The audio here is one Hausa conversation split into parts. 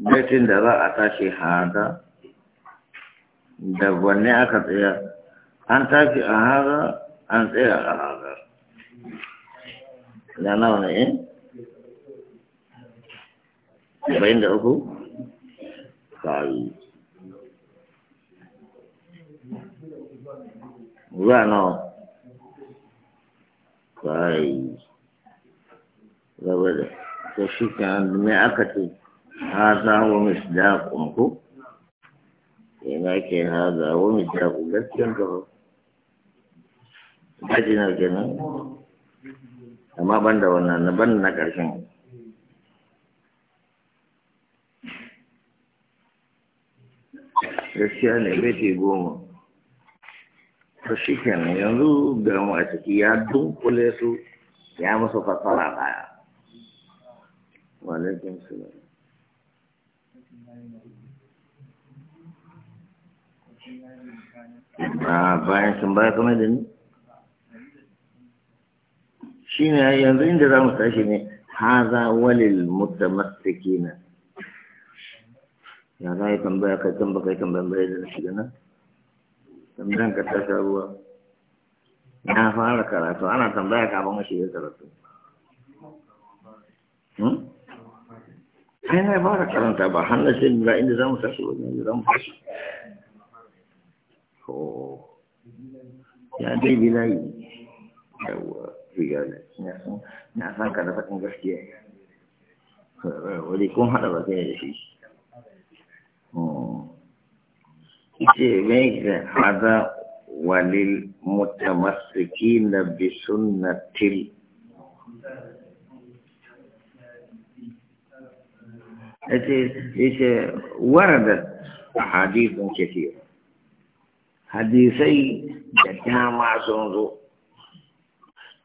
baitin da za a tashi hada da wanne aka tsaya an tashi a hada an tsaya a hada da nawa ne eh? bayan da uku sa'i zuwa zaba da shi aka ce هذا هو مصداق أمكو هناك هذا هو مصداق لك ينكره Bajinar kenan, amma ban da wannan na ban na ƙarshen. Gaskiya ne beti goma. To shi kenan yanzu da mu a ciki ya dunkule su ya musu fasara baya. Walaikun salam. Ah, bayan sun baya kamar da ni shi ne yanzu inda za mu tashi ne haza walil mutamassiki na ya za yi tambaya kai kan baka yi tambayan da shiga nan tambayan ka tashi ruwa na fara karatu ana tambaya kafin a shiga karatu hmm? ai na fara karanta ba hannun shi lura inda za mu wani inda mu ko ya dai bilayi yawa na san ka da faɗin gaskiya wani kun haɗa ba kai da shi ce mai ga hada walil na bisunnatil وردت أحاديث كثيرة حديثي جامع سنظر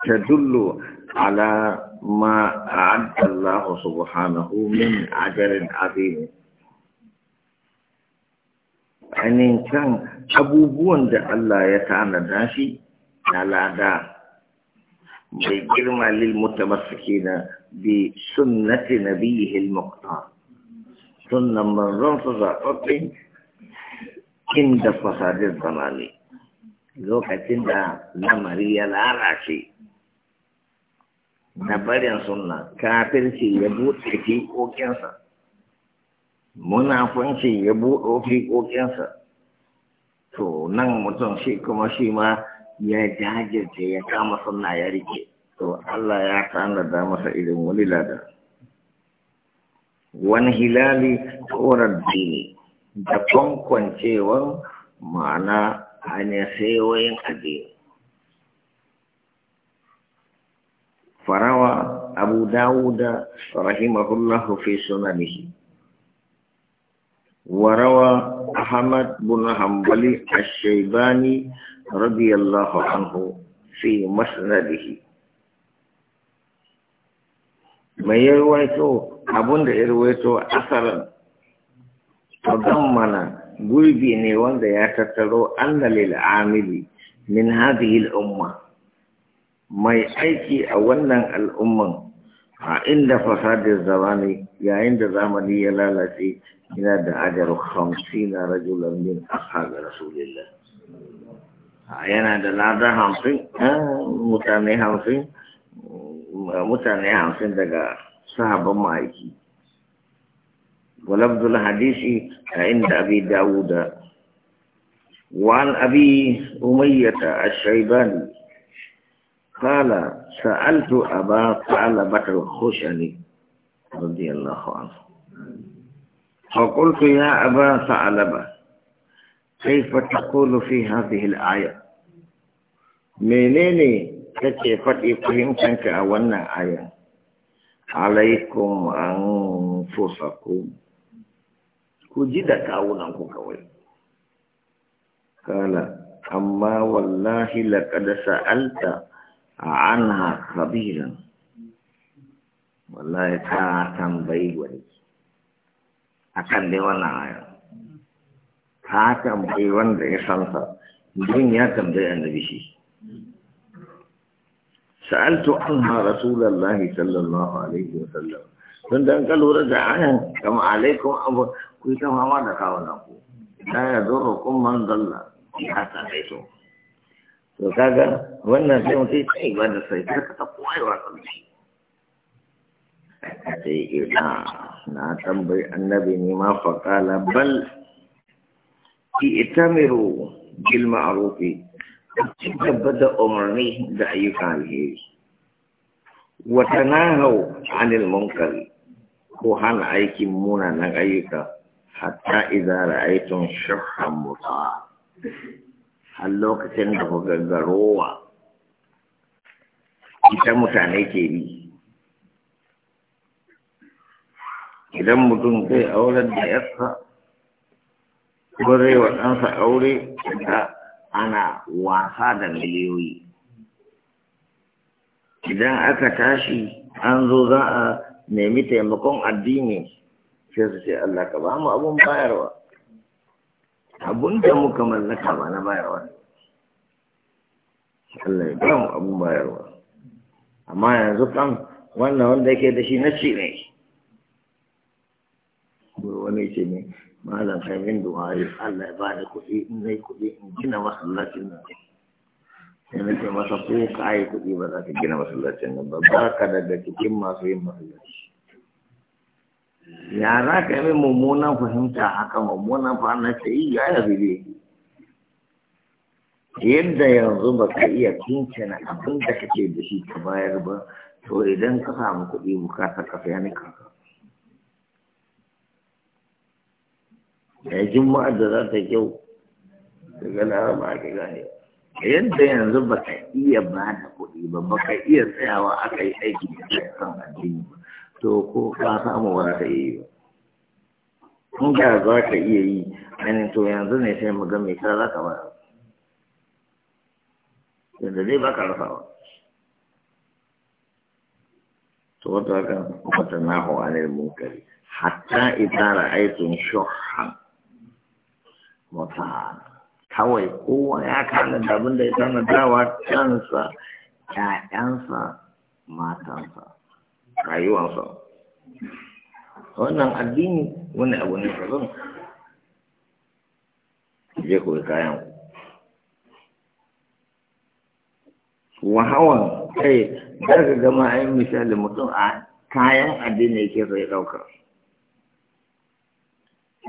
تدل على ما أعد الله سبحانه من عجر عظيم أن إن كان أبو بون دا الله يتعنى داشي على دا بجرم للمتمسكين بسنة نبيه المقتار sunnan manzon su zaɓaɓɓe inda fasadin zamani lokacin da lamari ya lalace na barin sunna kafirci ya buɗe fiƙoƙinsa munafunci ya buɗe fiƙoƙinsa to nan mutum shi kuma shi ma ya jajirce ya kama sunna ya rike to Allah ya tanada masa irin wani ladan wani hilali tsoron dini da kwankwancewar ma'ana hanyar wayan addini farawa abu dawuda rahimahullahu fi sunanihi وروى أحمد بن حنبل الشيباني رضي الله عنه في مسنده ما يرويته abun da ya ruwaito asarin to mana gurbi ne wanda ya tattaro annalil amili min hadhihi al umma mai aiki a wannan al'umman a inda fasadin zamani yayin da zamani ya lalace yana da ajaru hamsina rajulan min ashabi rasulillah yana da lada hamsin eh, mutane hamsin mutane hamsin daga صحابة مايكي ولفظ الحديث عند أبي داود وعن أبي أمية الشيباني قال سألت أبا ثعلبة الخشني رضي الله عنه فقلت يا أبا ثعلبة كيف تقول في هذه الآية منين تكيفت إفهمتك أولنا آية alaikum anfusakum ku ji da kawunan ku kawai kala amma wallahi laqad sa'alta anha kabiran wallahi ta tambayi wani akan dai wannan aya ta tambayi wanda ya san sa don ya tambayi annabi shi سألت عنها رسول الله صلى الله عليه وسلم فندم قالوا رجعنا كما عليكم أبو قلت ما ما دخلنا لا يضركم من ضل حتى بيتوا وكذا وانا سيمتي اي وانا سيمتي كتبوا اي وانا سيئنا ناتم بالنبي مما فقال بل ائتمروا بالمعروف ci gaba da umarni da ayyuka alheri wata nahau anil munkari ko hana aikin munanan ayyuka hatta idza ra'aytum shuhhan mutuwa. har lokacin da ku gaggarowa ita mutane ke bi idan mutum zai aurar da yarsa ko zai wa ɗansa aure da ana wasa da miliyoyi idan aka tashi an zo za a nemi taimakon addini sai su ce Allah ka ba mu abun bayarwa abun da muka mallaka ba na bayarwa Allah ya ba mu abun bayarwa amma yanzu kan wannan wanda yake da shi na ne ya ce ne malam kai min du'a Allah ya ba ni kuɗi in zai kuɗi in gina masallacin nan sai na ce masa ko ka yi kuɗi ba za ka gina masallacin nan ba ba ka daga cikin masu yin masallaci ya za ka yi mummunan fahimta haka mummunan fahimta ce yi ya yabi ne yadda yanzu ba ka iya kincina abin da kake da shi ka bayar ba to idan ka samu kuɗi bukatar ka fiya ni kanka da juma'ar da za ta kyau daga laraba ka gane yadda yanzu ba ka iya ba da kuɗi ba ba ka iya tsayawa aka yi aiki da kai kan addini ba to ko ka samu wani ka iya yi ba kun ga za ka iya yi ainihin to yanzu ne sai mu ga mai kira za ka ba yadda dai ba ka rasa ba to wata kan kwata nahu anil munkari hatta idara aikin shuhan mutane kawai kowa ya kana da abin da ya tana dawa kansa ƴaƴansa matansa rayuwarsa wannan addini wani abu ne kazan je koyi kayan wahawan kai daga gama ayin misali mutum a kayan addini yake sai ɗauka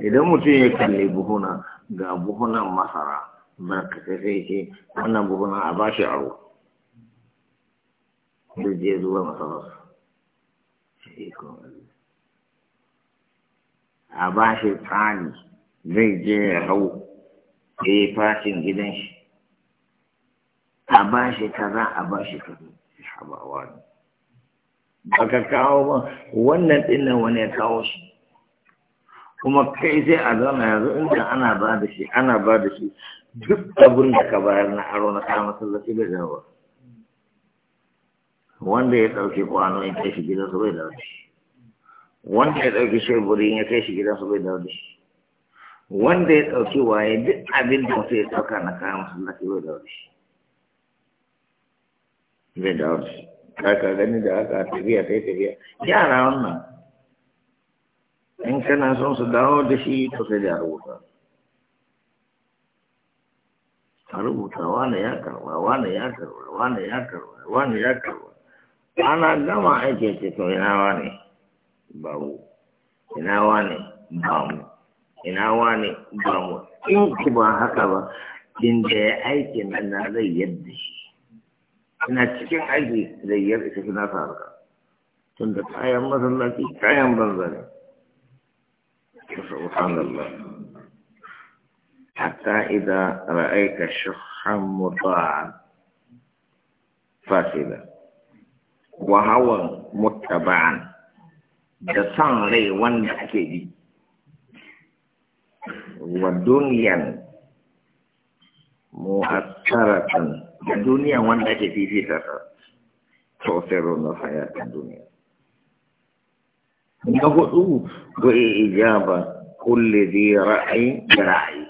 idan mutum ya kalli buhuna ga buhunan masara barkatai sai ce wannan buhunan a bashi ruwa da je zuwa masararsa a bashi tsani zai je ya hau ya yi fashin gidan shi a bashi kaza a bashi kaza haɓawa ne ba ka kawo ba wannan ɗin wani ya kawo shi kuma kai sai a zauna yanzu inda ana ba da shi ana ba da shi duk abin da ka bayar na aro na kama masallaci bai zama wanda ya ɗauki kwano ya kai shi gidan su bai da shi wanda ya ɗauki sheburi ya kai shi gidan su bai da shi wanda ya ɗauki waye duk abin da mutum ya ɗauka na kama masallaci bai dawo da shi bai dawo da shi ka gani da aka tafiya sai tafiya yara wannan in kana son su dawo da shi to sai da rubuta a rubuta wane ya karwa, wane ya karwa, wane ya karwa, wane ya karwa?" ana gama aiki ce to ina wane babu ina wane bamu ina wane bamu in ki ba haka ba din da ya aiki nan na zai yadda shi ina cikin aiki zai yadda shi na sa harka tun da kayan masallaci kayan banzare سبحان الله حتى إذا رأيت شخا مطاعا فاسدا وهوى متبعا جسان لي وان أكيدي ودنيا مؤثرة الدنيا وان أكيدي في تسر تؤثر الحياة الدنيا na hudu wa ijaba kulle zi ra'ayi da ra'ayi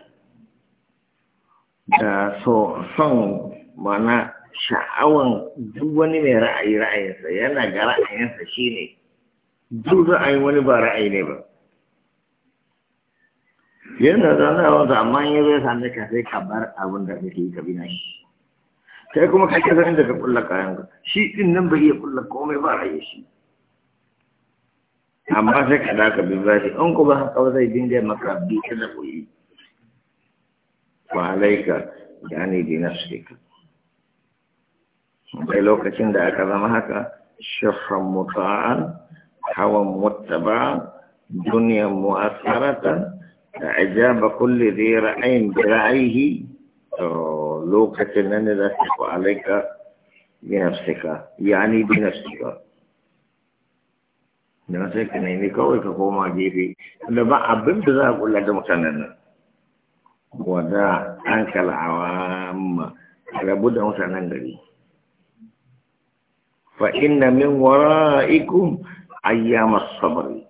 da so son mana sha'awan duk wani mai ra'ayi ra'ayinsa yana ga ra'ayinsa shi ne, duk ra'ayi wani ba ra'ayi ne ba yana zana wata amma yi zai sami ka sai ka bar abin da kake yi ka bi nan sai kuma kake san inda ka kulla kayan ka shi din nan bai iya kulla komai ba ra'ayi shi amma sai ka daka bi bashi in ku ba haka ba zai dinga maka bi ta da koyi wa alaika yani bi ka. kai lokacin da aka zama haka shafan muta'an hawan muttaba duniyan mu'asaratan da ajaba kulli zai ra'ayin bi ra'ayihi lokacin nan da za ka alaika bi nafsika yani bi ka. da sai ka nemi kawai ka koma gefe da ba abin da za a kula da mutanen nan wada an kal'awa ma rabu da mutanen gari fa inna min wara'ikum ayyama sabri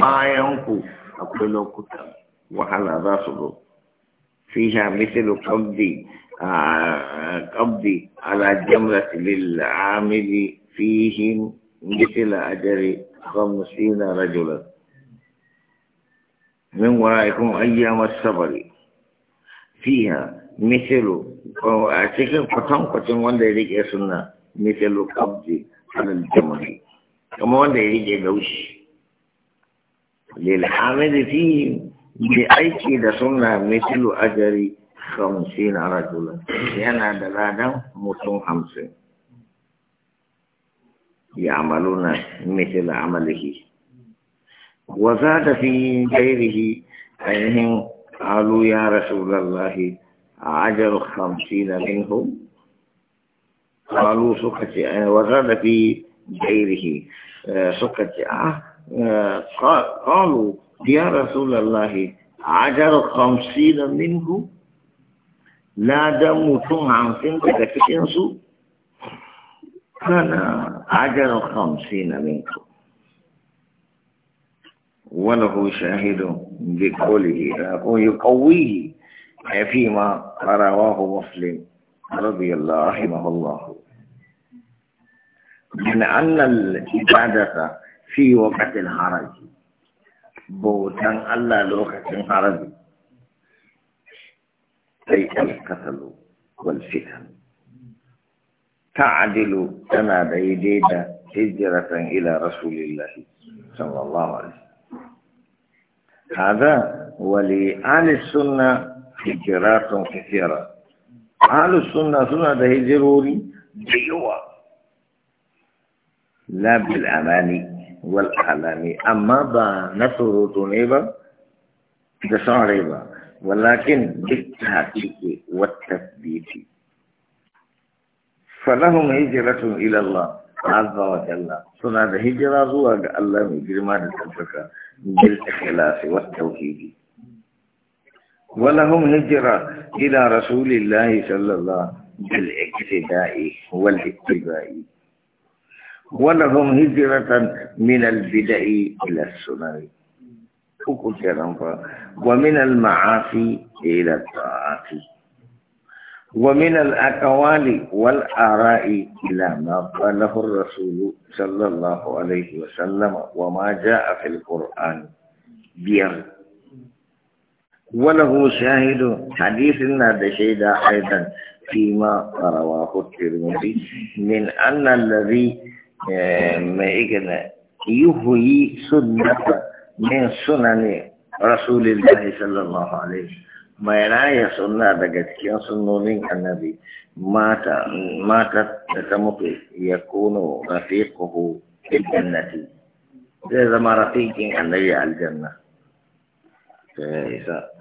bayan ku akwai lokuta wahala za su zo fiha mithlu qabdi qabdi ala jamrati lil amili fihim مثل أجر خمسين رجلا من ورائكم أيام السفر فيها مثل أعتقد قطن قطن وان ذلك يسنى مثل قبض على الجمل كما وان ذلك يدوش للحامد فيه بأيكي دسنى مثل أجري خمسين رجلا لأن هذا الآدم مسلم خمسين ya'maluna mithla amalihi wa zada fi ghayrihi ayyuhum qalu ya rasulallahi ajru 50 minhum qalu sukati wa zada fi ghayrihi sukati ah qalu ya rasulallahi ajru 50 minhum la damu tun 50 daga cikin أنا عجل خمسين منكم وله شاهد بقوله يقويه فيما رواه مسلم رضي الله رحمه الله من أن العبادة في وقت الحرج بوتان الله لوقت الحرج أي القتل والفتن تعدل كما ديديدا هجرة إلى رسول الله صلى الله عليه وسلم هذا ولأهل السنة هجرات كثيرة أهل السنة سنة هجروري بيوة لا بالأماني والأعلام أما با نصر تنيبا دساريبا ولكن بالتحقيق والتثبيت فلهم هجرة إلى الله عز وجل سنة هجرة الله الله من جرمان التفكة بالإخلاص والتوحيد ولهم هجرة إلى رسول الله صلى الله عليه وسلم بالاقتداء والاتباع ولهم هجرة من البدع إلى السنن ومن المعاصي إلى الطاعات ومن الأقوال والآراء إلى ما قاله الرسول صلى الله عليه وسلم وما جاء في القرآن بير وله شاهد حديث هذا شيدا أيضا فيما رواه الترمذي من أن الذي آه، ما يهوي سنة من سنن رسول الله صلى الله عليه وسلم mai raya sunna daga cikin sunnonin annabi mata mata da ta mutu ya kuno rafiquhu fil jannati zai zama rafiqin annabi aljanna sai